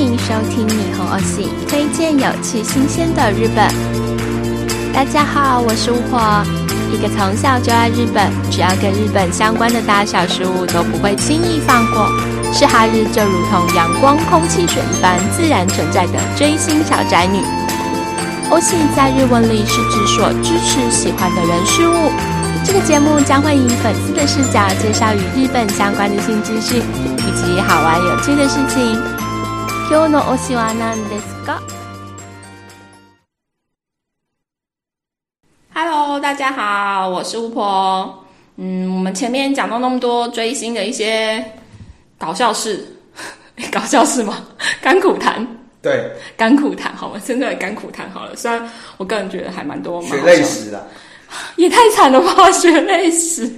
歡迎收聽霓虹歐系，推薦有趣新鮮的日本。大家好，我是巫婆，一個從小就愛日本，只要跟日本相關的大小事物都不會輕易放過，是哈日就如同陽光、空氣、水般自然存在的追星小宅女。歐系在日文裡是指所支持、喜歡的人事物。這個節目將會以粉絲的視角介紹與日本相關的新資訊以及好玩有趣的事情。今日の推しは何ですか？Hello，大家好，我是巫婆。嗯，我們前面講到那麼多追星的一些搞笑事，搞笑事嗎？甘苦談。對，甘苦談，好了，真的甘苦談，好了。雖然我個人覺得還蠻多蠻血淚史的，也太慘了吧，血淚史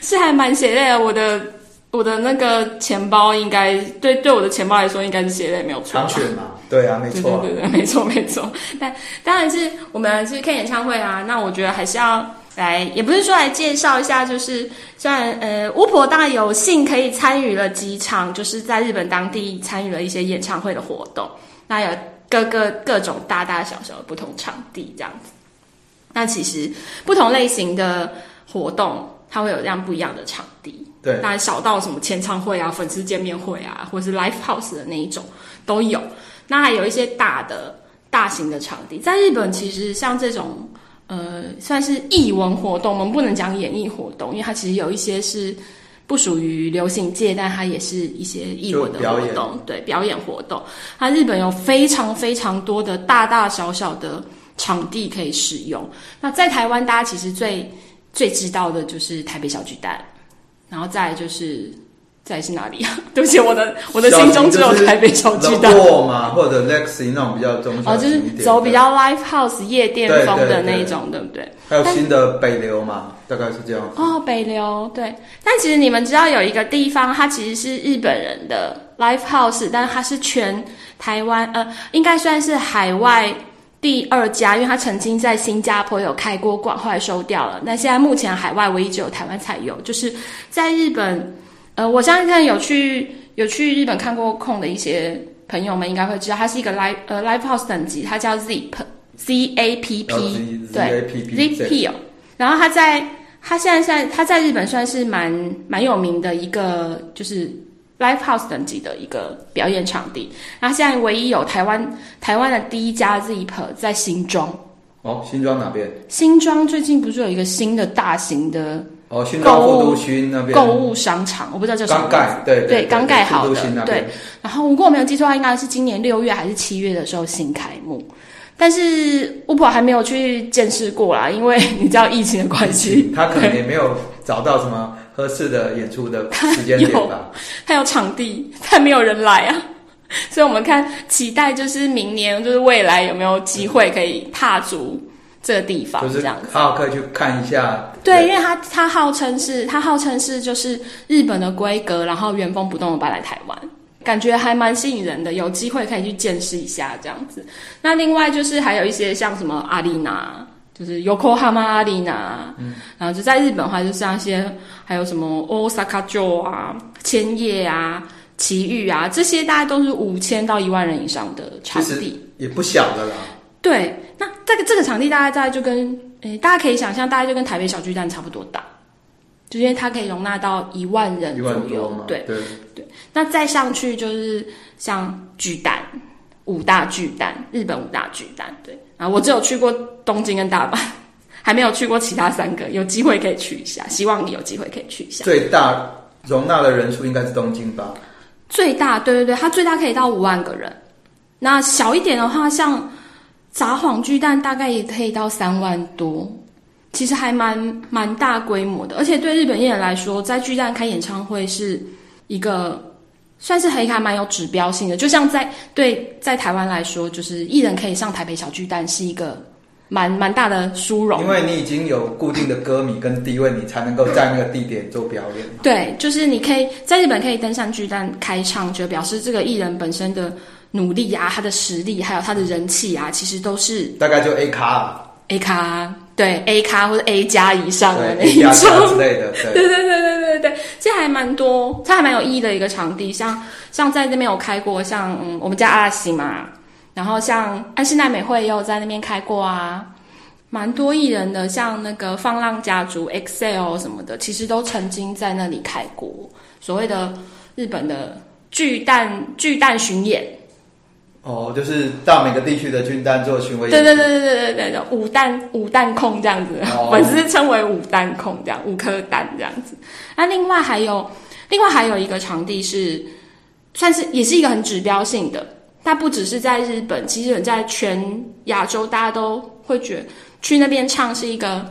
是還蠻血淚的。我的。我的那個錢包應該對對，我的錢包來說應該是寫的也沒有錯。安全嘛？對啊，沒錯、啊，對對對，沒錯沒錯。但當然是我們是看演唱會啊，那我覺得還是要來，也不是說來介紹一下，就是雖然呃巫婆大有幸可以參與了幾場，就是在日本當地參與了一些演唱會的活動，那有各個各種大大小小的不同場地這樣子。那其實不同類型的活動，它會有這樣不一樣的場地。對大家小到什麼簽唱會啊、粉絲見面會啊，或者是 live house 的那一種都有。那還有一些大的、大型的場地，在日本其實像這種，呃，算是藝文活動，我們不能講演藝活動，因為它其實有一些是不屬於流行界，但它也是一些藝文的活動。表演對，表演活動。它日本有非常非常多的大大小小的場地可以使用。那在台灣，大家其實最最知道的就是台北小巨蛋。然後再就是，再是哪裡啊？ 對不起，我的我的心中只有台北小巨蛋嘛，或者 Lexy 那種比較中哦，就是走比較 Live House 夜店風的那一種，對，對，對，對不對？還有但新的北流嘛，大概是這樣。哦，北流對，但其實你們知道有一個地方，它其實是日本人的 Live House，但它是全台灣呃，應該算是海外。第二家，因為他曾經在新加坡有開過館，後來收掉了。那現在目前海外唯一只有台灣才有，就是在日本。呃，我相信有去有去日本看過控的一些朋友們應該會知道，它是一個 live, 呃 live 呃 livehouse 等級，它叫 zip z a p p 對 z p, o, z p o, 然後它在它現在現在它在日本算是蠻蠻有名的一個就是。Livehouse 等級的一個表演場地，那現在唯一有台灣台灣的第一家 Zip 在新莊。哦，新莊哪邊？新莊最近不是有一個新的大型的購物哦，新莊副都心那邊購物商場，我不知道叫什麼。剛蓋，對對，對，剛蓋對對好的。對，副都心那邊。然後，如果我沒有記錯的話，應該是今年六月還是七月的時候新開幕，嗯、但是、w、Up 還沒有去見識過啦，因為你知道疫情的關係，他可能也沒有找到什麼。合適的演出的時間點吧，它有，它有場地，但沒有人來啊，所以我們看期待就是明年，就是未來有沒有機會可以踏足這個地方，就是這樣子。嗯，就是、好好可以去看一下、這個，對，因為它它號稱是它號稱是就是日本的規格，然後原封不動的搬來台灣，感覺還蠻吸引人的，有機會可以去見識一下這樣子。那另外就是還有一些像什麼阿麗娜、啊。就是 Yokohama Arena，嗯，然後就在日本的話，就像一些還有什麼 Osaka Joe 啊、千葉啊、埼玉啊，這些大概都是五千到一萬人以上的場地，也不小的啦。對，那這個這個場地大概，大概就跟誒，大家可以想象，大概就跟台北小巨蛋差不多大，就是因為它可以容納到一萬人左右嘛。對對對，那再上去就是像巨蛋，五大巨蛋，日本五大巨蛋，對。啊，我只有去過東京跟大阪，還沒有去過其他三個。有機會可以去一下，希望你有機會可以去一下。最大容納的人數應該是東京吧？最大，對對對，它最大可以到五萬個人。那小一點的話，像札幌巨蛋，大概也可以到三萬多，其實還蠻蠻大規模的。而且對日本藝人來說，在巨蛋開演唱會是一個。算是黑卡蠻有指標性的，就像在對在台灣來說，就是藝人可以上台北小巨蛋，是一個蠻蠻大的殊榮。因為你已經有固定的歌迷跟地位， 你才能夠在那個地點做表演。對，就是你可以在日本可以登上巨蛋開唱，就表示這個藝人本身的努力啊，他的實力，還有他的人氣啊，其實都是大概就 A 咖，啊、A 咖對 A 咖或者 A 加以上的那一種、A、之類的。對 對，對對對。對，這還蠻多，它還蠻有意義的一個場地，像像在那邊有開過，像嗯我們家阿拉西嘛，然後像安室奈美惠也有在那邊開過啊，蠻多藝人的，像那個放浪家族、EXILE 什麼的，其實都曾經在那裡開過，所謂的日本的巨蛋巨蛋巡演。哦，就是到每個地區的巨蛋做巡迴演出。對對對對對對對，五蛋五蛋控這樣子，粉絲稱為五蛋控，這樣五顆蛋這樣子。那、啊、另外還有，另外還有一個場地是，算是也是一個很指標性的。它不只是在日本，其實，在全亞洲大家都會覺得去那邊唱是一個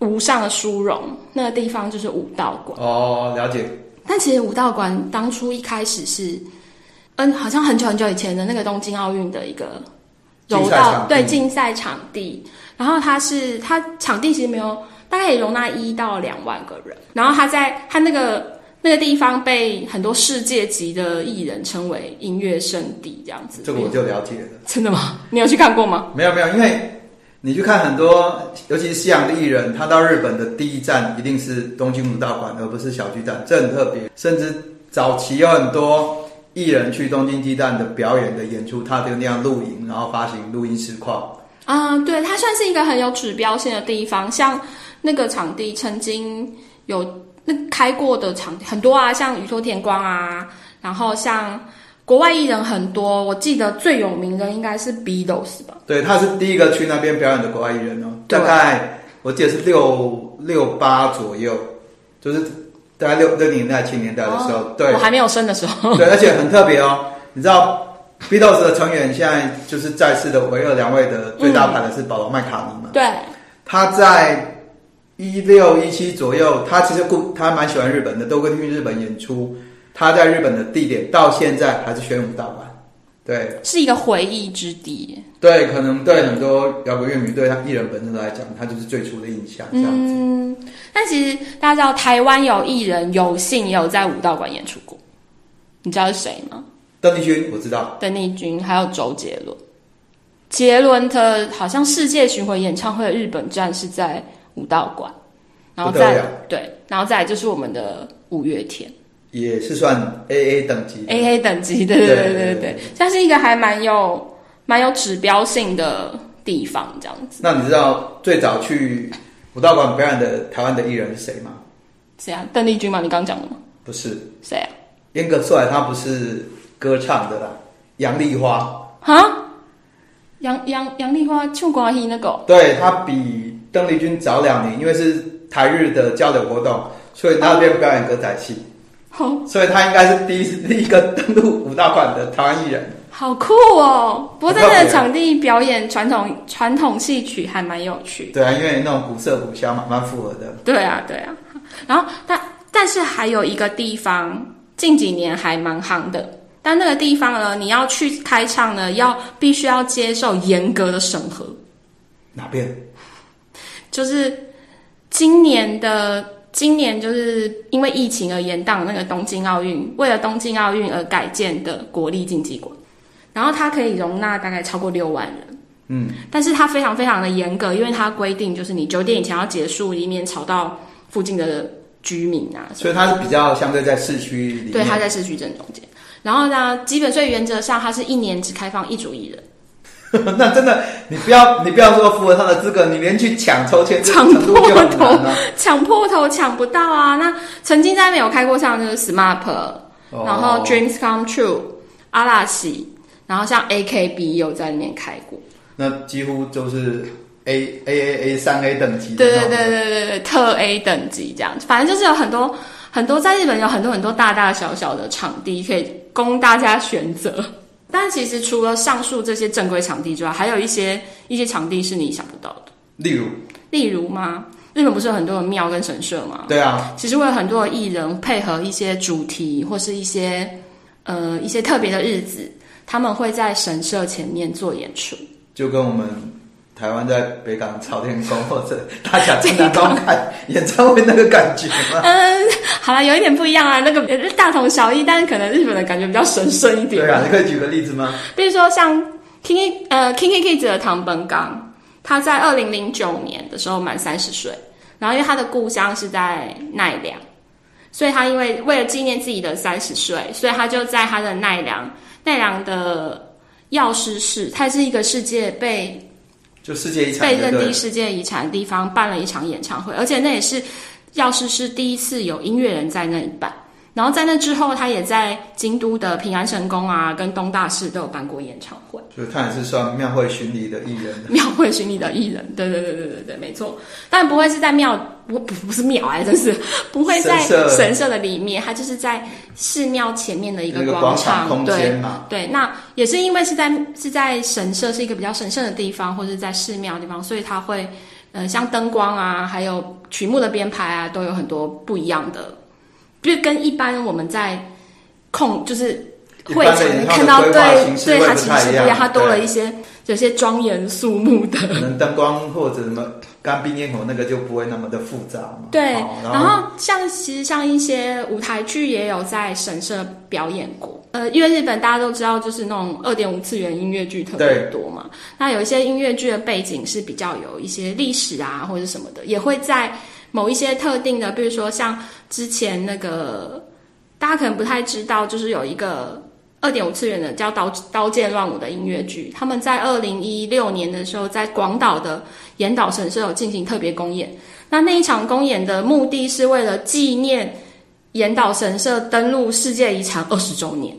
無上的殊榮。那個地方就是武道館。哦，了解。但其實武道館當初一開始是。嗯，好像很久很久以前的那個東京奧運的一個柔道，對，競賽場地，然後他是他場地其實沒有大概也容納一到兩萬個人，然後他在他那個那個地方被很多世界級的藝人稱為音樂聖地，這樣子。這個我就了解了。真的嗎？你有去看過嗎？沒有沒有，因為你去看很多，尤其是西洋的藝人，他到日本的第一站一定是東京武道館，而不是小巨蛋，這很特別。甚至早期有很多。藝人去東京巨蛋的表演的演出，他就那樣錄音，然後發行錄音實況。嗯，對，它算是一個很有指標性的地方。像那個場地曾經有那開過的場地很多啊，像宇多田光啊，然後像國外藝人很多。我記得最有名的應該是 Beatles 吧？對，他是第一個去那邊表演的國外藝人哦。大概、啊、我記得是六六八左右，就是。在大概六六年代，七年代的時候，哦，對，我還沒有生的時候， 對，而且很特別哦。你知道 Beatles 的成員現在就是在世的，唯有兩位的最大牌的是保羅麥卡尼嘛，嗯？對，他在一六一七左右，嗯，他其實故，他蠻喜歡日本的，都跟去日本演出。他在日本的地點到現在還是玄武道館。對，是一個回憶之地。對，可能對很多搖滾樂迷，對他藝人本身來講，他就是最初的印象這樣子。嗯，但其實大家知道，台灣有藝人有幸也有在武道館演出過，你知道是誰嗎？鄧麗君，我知道。鄧麗君還有周杰倫，杰倫的好像世界巡迴演唱會的日本站是在武道館，然後再對，然後再來就是我們的五月天。也是算 AA 等級，AA 等級，對，對對對對對，它是一個還蠻有蠻有指標性的地方，這樣子。那你知道最早去武道館表演的台灣的藝人是誰嗎？誰啊？鄧麗君嗎？你剛講的嗎？不是。誰啊？嚴格說來，他不是歌唱的啦。楊麗花哈，楊楊楊麗花唱歌戲那個？對，他比鄧麗君早兩年，因為是台日的交流活動，所以那邊表演歌仔戲。哦 Oh. 所以他應該是第一第一個登陸武道館的台灣藝人，好酷哦！不過在那個場地表演傳統傳統戲曲還蠻有趣，對啊，因為那種古色古香蠻符合的。對啊，對啊。然後但但是還有一個地方，近幾年還蠻夯的，但那個地方呢，你要去開唱呢，要必須要接受嚴格的審核。哪邊？就是今年的。今年就是因為疫情而延宕那個東京奧運，為了東京奧運而改建的國立競技館，然後它可以容納大概超過六萬人。嗯，但是它非常非常的嚴格，因為它規定就是你九點以前要結束，以免吵到附近的居民啊。所以它是比較相對在市區裡面，對，它在市區正中間。然後呢，基本所以原則上它是一年只開放一組藝人。 那真的，你不要，你不要說符合他的資格，你連去搶抽籤，搶破頭，啊、搶破頭搶不到啊！那曾經在那邊有開過像就是 SMAP、哦、然後 Dreams Come True，阿拉西，然後像 AKB 有在裡面開過，那幾乎就是 A A A 三 A, A, A 等級，對對對對對對，特 A 等級這樣，反正就是有很多很多，在日本有很多很多大大小小的場地可以供大家選擇。但其實除了上述這些正規場地之外，還有一些一些場地是你想不到的。例如，例如嗎？日本不是有很多的廟跟神社嗎？對啊，其實會有很多的藝人配合一些主題或是一些呃一些特別的日子，他們會在神社前面做演出，就跟我們。台灣在北港朝天宮或者大甲鎮瀾宮開演唱會那個感覺嗎？嗯，好啦，有一點不一樣啊。那個也是大同小異，但是可能日本的感覺比較神聖一點。對啊，你可以舉個例子嗎？比如說像 KinKi 呃 KinKi Kids 的堂本剛，他在二零零九年的時候滿三十歲，然後因為他的故鄉是在奈良，所以他因為為了紀念自己的三十歲，所以他就在他的奈良奈良，的藥師寺，它是一個世界被。就世界遺產。被認定世界遺產的地方辦了一場演唱會，而且那也是藥師寺，是第一次有音樂人在那裡辦。然後在那之後，他也在京都的平安神宮啊，跟東大寺都有辦過演唱會。就是他也是算廟會巡禮的藝人。廟會巡禮的藝人，對對對對對對，沒錯。但不會是在廟。我不不不是廟哎、欸，真是不會在神社的裡面，神社它就是在寺廟前面的一個廣場，那個廣場空間，對對，那也是因為是在是在神社是一個比較神聖的地方，或者是在寺廟的地方，所以它會呃像燈光啊，還有曲目的編排啊，都有很多不一樣的，就跟一般我們在控就是。會，才能看到對對，它其實比它多了一些，對有些莊嚴肅穆的，可能燈光或者什麼乾冰烟火那個就不會那麼的複雜嘛。對，好然後，然後像其實像一些舞台劇也有在神社表演過，呃，因為日本大家都知道就是那種二點五次元音樂劇特別多嘛，對那有一些音樂劇的背景是比較有一些歷史啊或者什麼的，也會在某一些特定的，比如說像之前那個，大家可能不太知道，就是有一個。二點五次元的叫刀、《刀劍亂舞》的音樂劇，他們在二零一六年的時候，在廣島的嚴島神社有進行特別公演。那那一場公演的目的是為了紀念嚴島神社登錄世界遺產二十周年，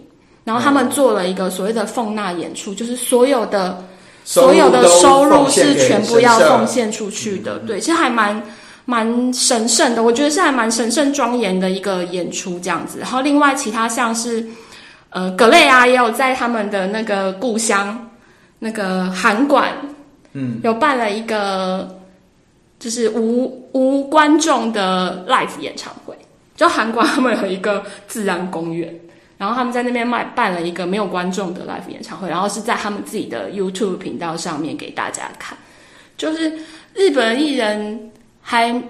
然後他們做了一個所謂的奉納演出，嗯、就是所有的所有的收入是全部要奉獻出去的。對，其實還蠻蠻神聖的，我覺得是還蠻神聖莊嚴的一個演出這樣子。然後另外其他像是。呃，格雷啊，也有在他們的那個故鄉，那個函館，嗯，有辦了一個就是無無觀眾的 live 演唱會。就函館他們有一個自然公園，然後他們在那邊賣辦了一個沒有觀眾的 live 演唱會，然後是在他們自己的 YouTube 頻道上面給大家看。就是日本藝人還，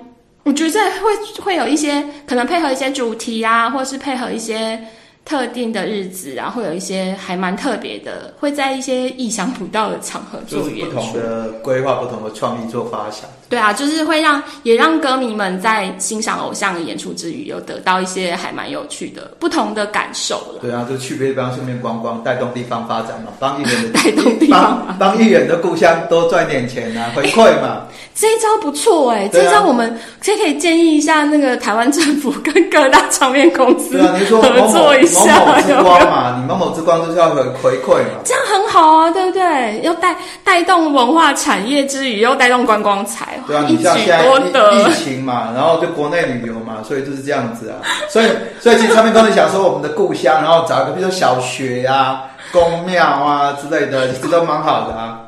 我覺得會會有一些可能配合一些主題啊，或是配合一些。特定的日子，然後會有一些還蠻特別的，會在一些意想不到的場合做不同的規劃、不同的創意做發想。對，對啊，就是會讓也讓歌迷們在欣賞偶像的演出之餘，有得到一些還蠻有趣的不同的感受了。對啊，就去別地方順便逛逛，帶動地方發展嘛，幫藝人的帶動地方幫，幫藝人的故鄉多賺點錢啊，回饋嘛。欸、這一招不錯哎，欸、啊、這一招我們這可以建議一下那個台灣政府跟各大唱片公司合作一下。某某之光嘛，你某某之光就是要回饋嘛，這樣很好啊，對不對？要帶帶動文化產業之餘，又帶動觀光財。對啊，你像現在疫情嘛，然後就國內旅遊嘛，所以就是這樣子啊。所以所以其實上面剛才想說我們的故鄉，然後找一個比如說小學啊、宮廟啊之類的，其實都蠻好的啊。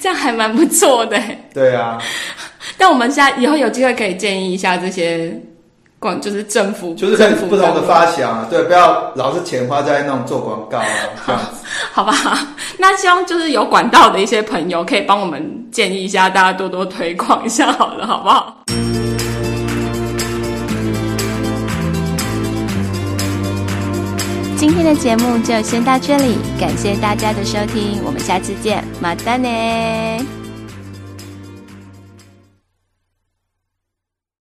這樣還蠻不錯的。對啊，但我們現在以後有機會可以建議一下這些。廣就是政府，就是政府不同的發想啊，對，不要老是錢花在那種做廣告啊，好吧，好？那希望就是有管道的一些朋友可以幫我們建議一下，大家多多推廣一下，好了，好不好？今天的節目就先到這裡，感謝大家的收聽，我們下次見，馬丹尼。